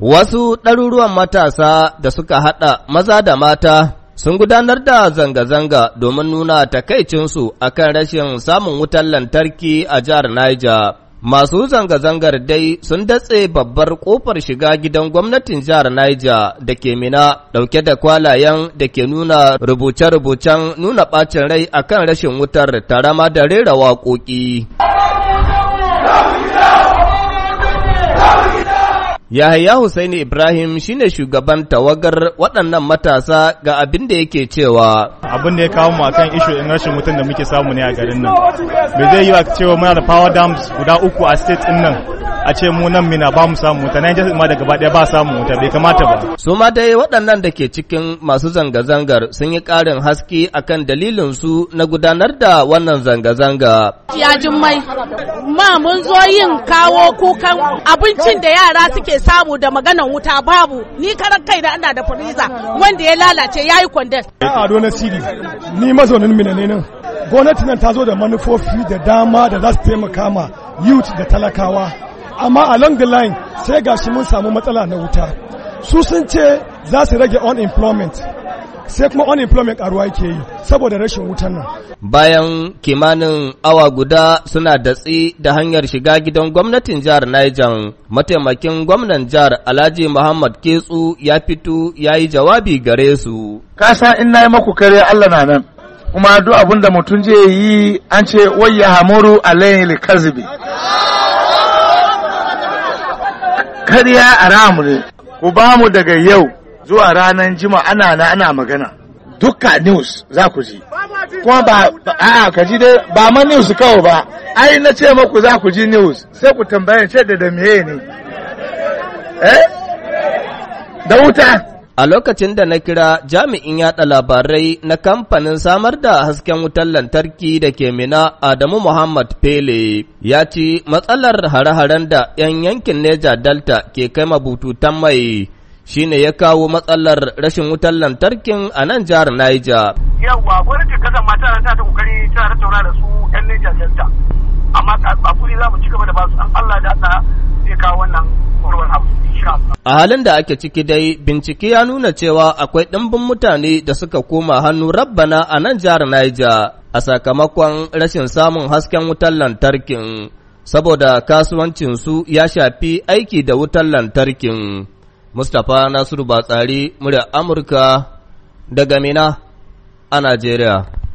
Wasu ɗaruruwan matasa da suka haɗa maza da mata sun gudanar da zanga-zanga domin nuna takaicinsu a kan rashin samun wutar lantarki a jihar Naija. Masu zanga-zangar dai sun datse babbar ƙofar shiga gidan gwamnatin jihar Naija da ke mina ɗauke da kwalayen da ke nuna rubuce-rubucen nuna ɓacin rai a kan rashin wutar tarama da rera waƙoƙi. Yahaya Husaini Ibrahim shine shugaban tawagar waɗannan matasa ga abin da yake cewa. Abin da ya kawo mu akan ishu in rashin mutum da muke samu ne a garin nan. Me zai yi a cewa muna da power dams guda uku a state din nan. A ce mu nan mina ba mu samu wuta, Niger ma da gaba ɗaya ba samu wuta bai kamata ba. Su ma dai waɗannan da ke cikin masu zanga-zangar sun yi ƙarin haske akan dalilin su na gudanar da wannan zanga-zanga. Ya mai ma mun zo yin kawo kukan abincin da yara suke samu da maganan wuta babu ni karan kai da ana da firiza wanda ya lalace ya yi Ya Ado na Sidi, ni mazaunin mina nan. ta zo da manufofi da dama da za su taimaka ma youth da talakawa. Amma along the line sai gashi mun samu matsala na wuta. su sun ce za su rage unemployment sai kuma unemployment karuwa yake yi saboda rashin wutan nan. Bayan kimanin awa guda suna datsi da hanyar shiga gidan gwamnatin jihar Niger, mataimakin gwamnan jihar Alhaji Muhammad Ketsu ya fito ya yi jawabi gare su. Kasa in na yi maku kare Allah na nan, kuma duk abin da mutum je yi an ce ya hamuru alayhi likazibi. Kariya a ramure ku ba mu daga yau zuwa ranar jima ana na ana magana dukka news za ku ji kuma ba a'a ka ji dai ba ma news kawai ba ai na ce maku za ku ji news sai ku tambaye ce da da meye ne eh da wuta A lokacin da na kira jami'in yaɗa labarai na kamfanin samar da hasken wutar lantarki da ke mina Adamu Muhammad Pele ya ce matsalar hare-haren da 'yan yankin Neja Delta ke kai mabututan mai shi ne ya kawo matsalar rashin wutar lantarkin a nan jihar Niger. Yawwa, gwamnati kazan mata ta ta kokari tana tattauna da su 'yan Neja Delta, amma a za mu ci gaba da basu an Allah da ya kawo wannan A halin da ake ciki dai, bincike ya nuna cewa akwai ɗimbin mutane da suka koma hannu rabbana a nan jihar Niger a sakamakon rashin samun hasken wutar lantarkin, saboda kasuwancinsu ya shafi aiki da wutar lantarkin. Mustapha Nasiru Batsari, murya Amurka daga Mina a Najeriya.